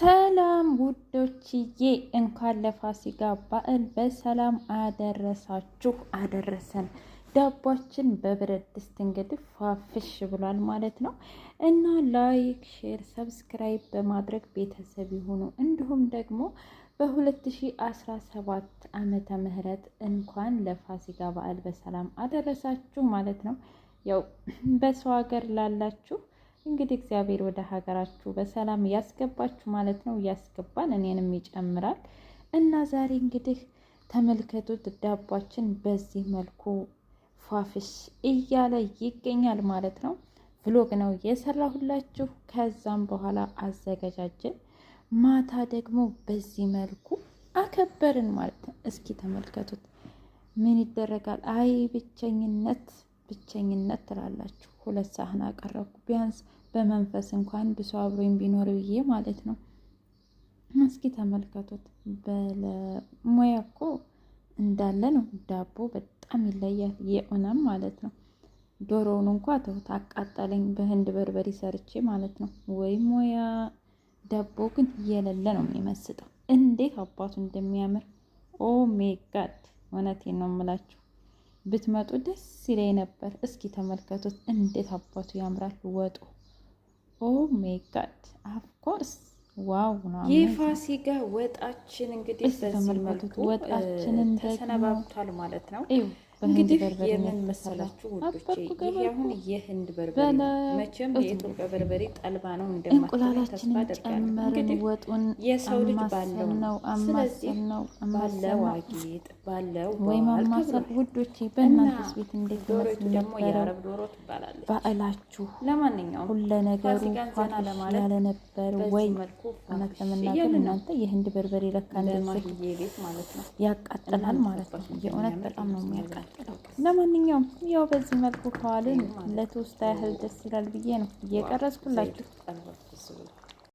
ሰላም ውዶችዬ፣ እንኳን ለፋሲካ በዓል በሰላም አደረሳችሁ አደረሰን። ዳቧችን በብረት ድስት እንግዲህ ፋፍሽ ብሏል ማለት ነው እና ላይክ፣ ሼር፣ ሰብስክራይብ በማድረግ ቤተሰብ ይሁኑ። እንዲሁም ደግሞ በ2017 ዓመተ ምህረት እንኳን ለፋሲካ በዓል በሰላም አደረሳችሁ ማለት ነው። ያው በሰው ሀገር ላላችሁ እንግዲህ እግዚአብሔር ወደ ሀገራችሁ በሰላም እያስገባችሁ ማለት ነው፣ እያስገባን እኔንም ይጨምራል። እና ዛሬ እንግዲህ ተመልከቱት ዳቧችን በዚህ መልኩ ፏፍሽ እያለ ይገኛል ማለት ነው። ብሎግ ነው የሰራሁላችሁ። ከዛም በኋላ አዘገጃጀን፣ ማታ ደግሞ በዚህ መልኩ አከበርን ማለት ነው። እስኪ ተመልከቱት ምን ይደረጋል። አይ ብቸኝነት ብቸኝነት ትላላችሁ። ሁለት ሳህን አቀረብኩ። ቢያንስ በመንፈስ እንኳን አንድ ሰው አብሮኝ ቢኖር ብዬ ማለት ነው። እስኪ ተመልከቱት። በለሙያ እኮ እንዳለ ነው። ዳቦ በጣም ይለያል። የእውነም ማለት ነው። ዶሮውን እንኳ ተውት፣ አቃጠለኝ። በህንድ በርበሬ ሰርቼ ማለት ነው። ወይ ሙያ! ዳቦ ግን እየሌለ ነው የሚመስጠው። እንዴት አባቱ እንደሚያምር! ኦ ሜጋድ! እውነቴን ነው የምላችሁ። ብትመጡ ደስ ይለኝ ነበር። እስኪ ተመልከቱት፣ እንዴት አባቱ ያምራል ወጡ። ኦ ሜይ ጋድ አፍኮርስ ዋው ነው። የፋሲካ ወጣችን እንግዲህ በዚህ መልኩ ወጣችንን ተሰነባብቷል ማለት ነው። እንግዲህ የምን መሰላችሁ ውዶቼ፣ አሁን የህንድ በርበሬ መቼም በርበሬ ጠልባ ነው እንደማትሆን ተስፋ አደርጋለሁ። የሰው ልጅ ባለው ነው። ባለው አጌጥ ባለው በእናንተስ ቤት እንዴት ደግሞ የአረብ ዶሮ ትባላለች ለማንኛውም ሁለ ነገሩ ለማለት ወይ መልኩ እውነት ለመናገር እናንተ የህንድ በርበሬ ለካ ቤት ማለት ነው ያቃጥላል ማለት ነው። የእውነት በጣም ነው የሚያቃጥል ለማንኛውም ያው በዚህ መልኩ ከዋልን ለተወስታ ያህል ደስ ይላል ብዬ ነው እየቀረጽኩላችሁ